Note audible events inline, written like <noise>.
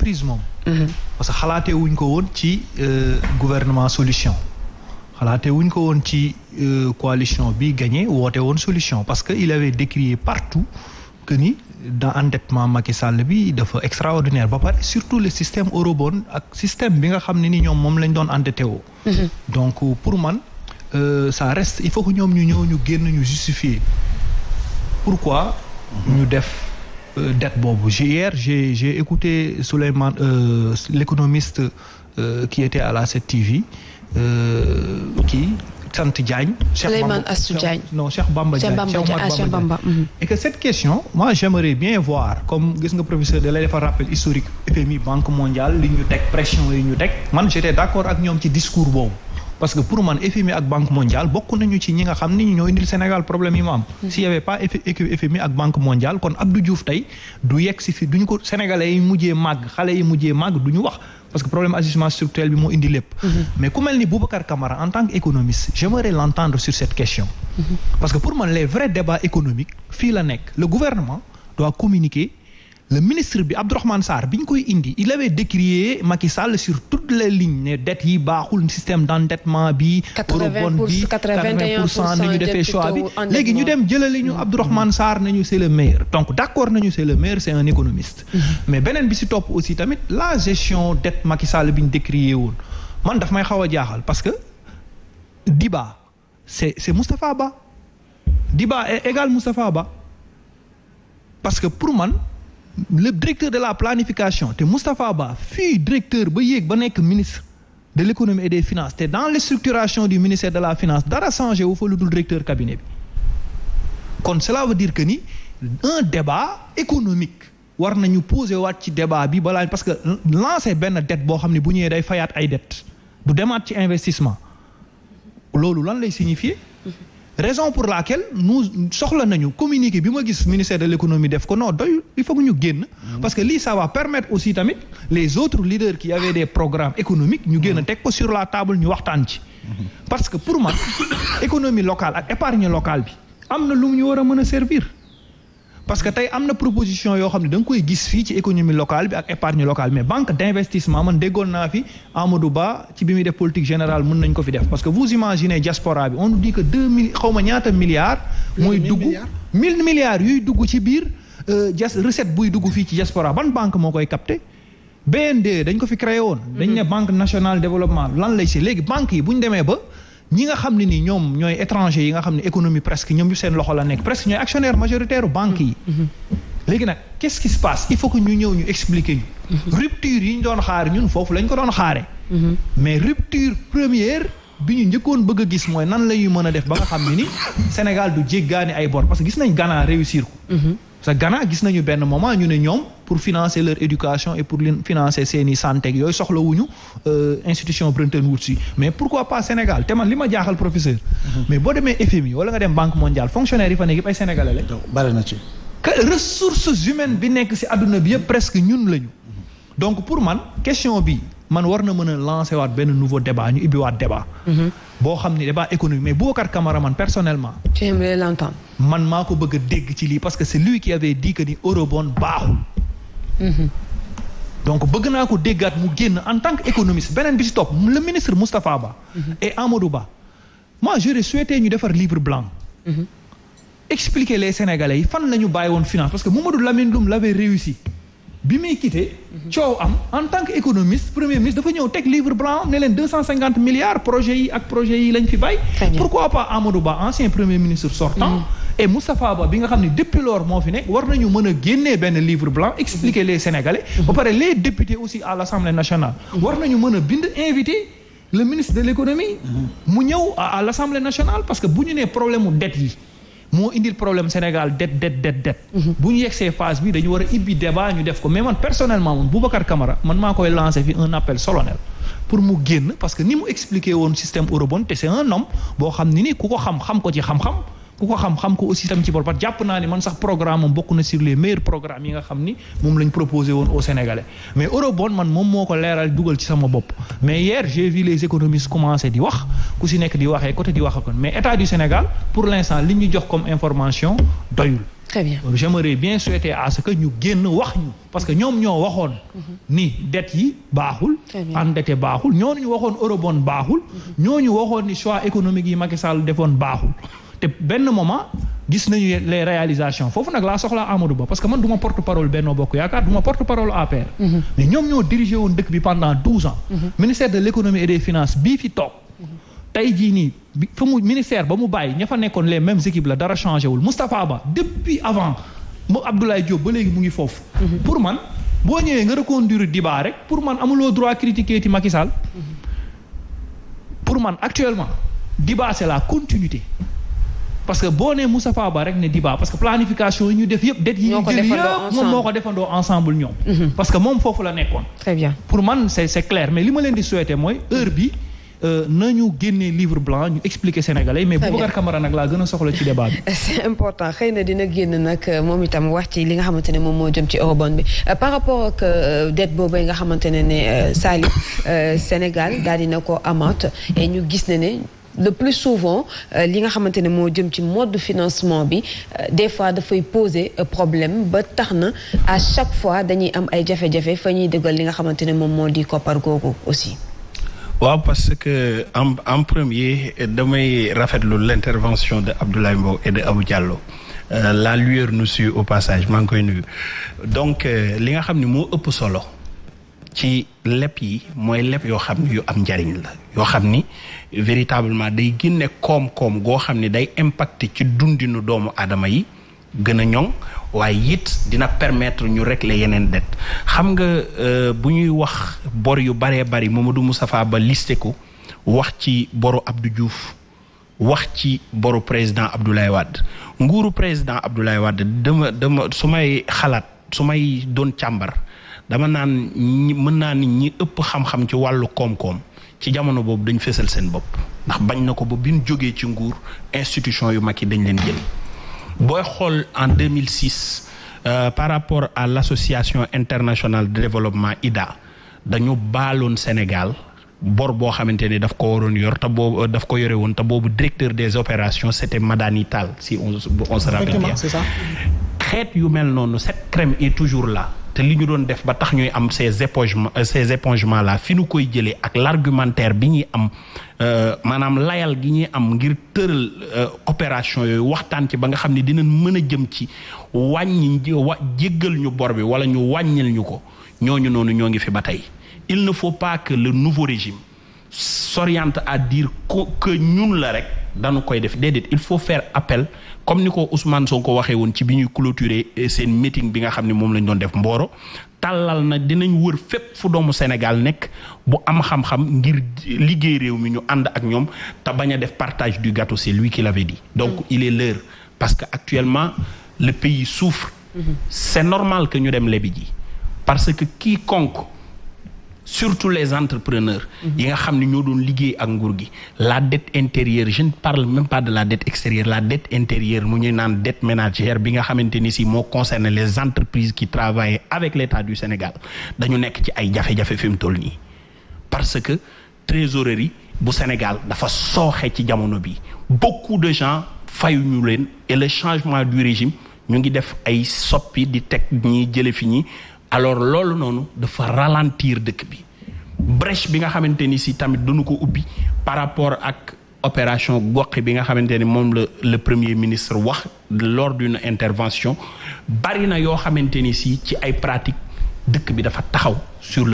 surprise moom. Mhm. parce que xalaatee wuñ ko woon ci euh, gouvernement solution. xalaatee wuñ ko woon ci euh, coalition bi gagné woote woon solution parce que il avait décrié partout que ni dans endettement Macky Sall bi dafa extraordinaire ba pare surtout le système eurobond ak système bi nga xam ne ni ñoom moom lañ doon endetté woo. Mhm. donc pour man euh, ça reste il faut que ñoom ñu ñëw ñu génn ñu justifier pourquoi mhm. ñu def. Euh, dette boobu hier j'ai j'ai écouté Souleymane euh, l'économiste euh, qui était à la 7TV kii sant Diagne. Souleymane Astou Diagne non Cheikh Bamba Diagne ah, Cheikh Bamba Diagne mhm. et que cette question moi j'aimerais bien voir comme gis nga professeur da lay defal rappel historique FMI Banque mondiale li ñu teg pression yi ñu teg man j'étais d'accord ak ñoom ci discours boobu. parce que pour man FMI ak Banque mondiale bokk nañu ci ñi nga xam ni ñoo indil Sénégal problème yi mu am. Mhm. s'il pas FMI ak Banque mondiale kon Abdou Diouf tey du yegg si fi duñ ko sénégalais yi mujjee màgg xale yi mujjee màgg duñu wax. parce que problème ajustement structurel bi moo indi lépp. Mhm. mais ku mel ni Boubacar Camara en tant qu'économiste j'aimerais l'entendre sur cette question. Mhm. parce que pour man les vrais débats économiques fii la nekk le gouvernement le ministre bi Abdourahmane saar bi ñu koy indi il avait décrié Macky Sall sur toutes les lignes ne dettes yi baaxul système d' endettement bi. eurobond bi 80 pour cent ni ñu defee choix bi léegi ñu dem jëlali ñu Abdourahmane saar nañu c' est le meilleur donc d' accord nañu c' est le meilleur c' est un économiste. Mm-hmm. mais beneen bi si topp aussi tamit la gestion dette Macky Sall bi ñu décrié woon man daf may xaw a jaaxal parce que Diba c' est c' est Moustapha Ba Diba est égal Moustapha Ba parce que pour man. le directeur de la planification te Moustapha Ba fii directeur ba yéeg ba nekk ministre de l' et des finances te dans les structurations du ministère de la finance dara changé wu fa lu dul directeur cabinet bi kon cela veut dire que ni un débat économique war nañu poser waat ci débat bi balaa parce que lancer benn dette boo xam ne bu ñëwee day fayaat ay dette du demaat ci investissement loolu lan lay signifier raison pour la laquelle nous soxla nañu communiqué bi ma gis ministère de l'économie def ko non doy il faut que ñu génn mm-hmm. parce que li ça permettre aussi tamit les autres leaders qui avaient des programmes économiques ñu génn mm-hmm. teg ko sur la table ñu waxtaan ci mm-hmm. parce que pour ma <coughs> économie locale ak épargne locale bi am na lu ñu war a mën a servir parce que tey am na proposition yoo xam ne da koy gis fii ci économie locale bi ak épargne locale mais banque d' investissement man déggoon naa fi Amadou Ba ci bi muy def politique générale mën nañ ko fi def parce que vous imaginez diaspora bi on nous dit que deux mille xaw ma ñaata milliards. mooy dugg mille milliards yuy dugg ci biir jas euh, recette buy dugg fii ci diaspora ban banque moo koy capté. BND dañ ko fi créé woon. Mm-hmm. dañ ne banque nationale développement lan lay si léegi banque yi bu ñu demee ba. ñi nga xam ne ni ñoom ñooy étranger yi nga xam ne économie presque ñoom ñu seen loxo la nekk presque ñooy actionnaire majoritaire banque yi. Mm-hmm. léegi nag qu'est-ce qui se passe il faut que ñu ñëw ñu expliquer ñu. Mm-hmm. rupture yi ñu doon xaar ñun foofu lañ ko doon xaare mm-hmm. mais rupture première bi ñu njëkkoon bëgg a gis mooy nan la ñuy mën a def ba nga xam ne ni Sénégal du jéggaani ay bor parce que gis nañ Ghana réussir ko. parce que gis nañu benn moment ñu ne ñoom. pour financer leur éducation et pour leen financer seeni santé yooyu soxlawuñu euh, institution Bretton Woods yi mais pourquoi pas Sénégal te man li ma jaaxal professeur. Mhm. mais boo demee FMI wala nga dem Banque mondiale fonctionnaire yi fa nekk yëpp ay sénégalais la. bare na ci. que ressources humaines bi nekk si àdduna bi yëpp presque ñun lañu. donc pour man question bi man war na mën a lancer waat benn nouveau débat ñu ubbiwaat débat. Mhm. boo xam ne débat économique mais Boubacar Camara man personnellement. j'aimerais l'entendre. que c'est Mm-hmm. donc bëgg naa ko déggaat mu génn en tant que économiste beneen bi ci topp le ministre Moustapha Ba. Mm-hmm. et Amadou Ba moi j'aurais souhaité ñu defar livre blanc. Mm-hmm. expliquer les Sénégalais yi fan la ñu bàyyi woon finance parce que Mamadou Lamine Loum l'avait réussi bi muy quitté. coow am en tant que économiste premier ministre dafa ñëw teg livre blanc ne leen milliards projets yi ak projets yi lañ fi bàyyi. pourquoi pas Amadou Ba premier ministre sortant. Mm et Moustapha Ba bi nga xam ne depuis lors moo fi nekk war nañu mën a génnee benn livre blanc expliquer les Sénégalais mhm. ba pare les députés aussi à l'Assemblée nationale mhm. war nañu mën a bind invité le ministre de l'économie mhm. mu ñëw à l'Assemblée nationale parce que bu ñu nee problème mu dette yi moo indil problème Sénégal det det det det bu ñu yegsee phase bi dañu war a ibbi débat ñu def ko mais man personnellement moom Boubacar Camara man maa koy lancé fi un appel solennel pour mu génn parce que ni mu expliqué woon système eurobond te boo xam ni ni ku ko xam xam ko ci xam ku ko xam xam ko aussi tam ci bor parce que jàpp naa ni man sax programme moom bokk na sur les meilleurs programmes yi nga xam ni moom lañ proposé woon au Sénégalais mais eurobond man moom moo ko leeral dugal ci sama bopp mais hier j'ai vu les économistes commencer di wax ku si nekk di waxee côté di wax ak mais état du Sénégal pour l'instant li ñu jox comme information doyul très bien euh, j'aimerais bien souhaiter à ce que ñu génn wax ñu parce que ñoom ñoo waxoon mhm. ni dette yi baaxul endetté baaxul ñooñu waxoon eurobond baaxul mhm. ñooñu waxoon ni choix économique yi Macky Sall defoon baaxul te benn moment gis nañu les réalisations foofu nag laa soxlaa Amadou Ba parce que man du ma porte parole Benno Bokk Yaakaar du ma porte parole APR. Mhm. mais ñoom ñoo dirigé woon dëkk bi pendant douze ans. Mhm. ministère de l' économie et des finances bii fi toog. tey jii nii bi fa mu ministère ba mu bàyyi ña fa nekkoon les mêmes équipes la dara changé wul Moustapha Ba depuis avant mu Abdoulaye Diop ba léegi mu ngi foofu. Mhm. pour man boo ñëwee nga reconduire débat rek pour man amuloo droit critiquer ci Macky pour man actuellement débat la continuité. parce que boo nee Moustapha Ba rek ne Diba parce que planification yi ñu def yëpp det yi ñu jël yëpp moom moo ko defandoo ensemble ñoom mhm. parce que moom foofu la nekkoon très pour man c'est c'est mais li ma leen di souhaiter mooy heure bi euh, nañu génne livre blanc ñu expliquer sénégalais mais Boubacar Camara nag laa gën a soxla ci débat bi. <laughs> c'est important xëy na dina génn nag euh, moom itam wax ci li nga xamante ne moom moo jëm ci eurobond bi euh, par rapport ak dette boobu nga xamante ne ne Salif Sénégal daal dina ko amaat ñu gis ne ne. le plus souvent euh, li nga xamante ne moo jëm ci mode de financement bi euh, des fois dafay poser euh, problème ba tax na à chaque fois dañuy am ay jafe-jafe fa ñuy dëggal li nga xamante ne moom moo di koppar googu aussi. waaw parce que en premier damay rafetlu l' intervention de Abdoulaye Mbow et de Abou jàlloo la lueur nous suit au passage maa ngi koy nuyu donc li nga xam ne moo ëpp solo. ci leb yi mooy leb yoo xam ne yu am njariñ la yoo xam ni véritablement day génne koom-koom goo xam ne day impacté ci dundinu doomu aadama yi gën a ñoŋ waaye it dina permettre ñu la yeneen det xam nga euh, bu ñuy wax bor yu baree bari Mamadou Moustapha Ba listé ko wax ci boru abdu juuf wax ci boru président Abdoulaye Wade nguuru président Abdoulaye Wade dama dama su may xalaat su may doon càmbar dama naan ñi mën naa ni ñi ëpp xam-xam ci wàllu koom-koom ci jamono boobu dañ fësal seen bopp ndax bañ na ko ba bi jógee ci nguur institution yu mag yi dañ leen jël booy xool en 2006 euh, par rapport a l'association internationale de développement IDA dañu baaloon Sénégal bor boo xamante ni daf ko waroon yor te boobu euh, daf ko yore woon te boobu directeur des opérations c'était Madani Tall si on on xeet yu mel noonu cette crème est toujours la te li ñu doon def ba tax ñuy am ces épongements euh, ces épongements là fi ñu koy jëlee ak l'argumentaire bi ñuy am euh, maanaam layal gi ñuy am ngir tëral euh, opération yooyu waxtaan ci ba nga xam ne dinañ mën a jëm ci wàññi wa jéggal ñu bor bi wala ñu wàññil ñu ko ñooñu noonu ñoo ngi fi ba tey il ne faut pas que le nouveau régime s'oriente à dire que ñun la rek dañu koy def déedéet il faut faire appel comme ni ko soo ko waxee woon ci bi ñuy clôturer eh, seen meeting bi nga xam ne moom lañ doon def mbooro tàllal na dinañ wër fépp fu doomu Sénégal nekk bu am xam-xam ngir liggéey réew mi ñu ànd ak ñoom te bañ a def partage du gâteau c'est lui qui l'avait donc mm-hmm. il est parce que actuellement le pays souffre mm-hmm. c'est normal que ñu dem lebi ji parce que kii konk surtout les entrepreneurs yi nga xam ne ñoo doon liggéey ak nguur gi la dette intérieure je par parle même pas de la dette extérieure la dette intérieure mu ñuy naan dette ménagère bi nga xamante ni si moo concerne les entreprises ki travaillent avec l'État du Sénégal dañu nekk ci ay jafe-jafe fi mu toll nii parce que trésorerie bu Sénégal dafa sooxe ci jamono bi beaucoup de gens fayuñu leen le changement du régime ñu ngi def ay soppi di teg ñi jële fi ñi alors loolu noonu dafa ralentir dëkk bi brèche bi nga xamante ni si tamit duñu ko ubbi par rapport ak opération goqi bi nga xamante ni moom la le premier ministre wax lors d'une intervention bari na yoo xamante ni si ci ay pratique dëkk bi dafa taxaw